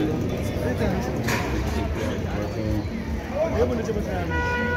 Это... Я бы не тебя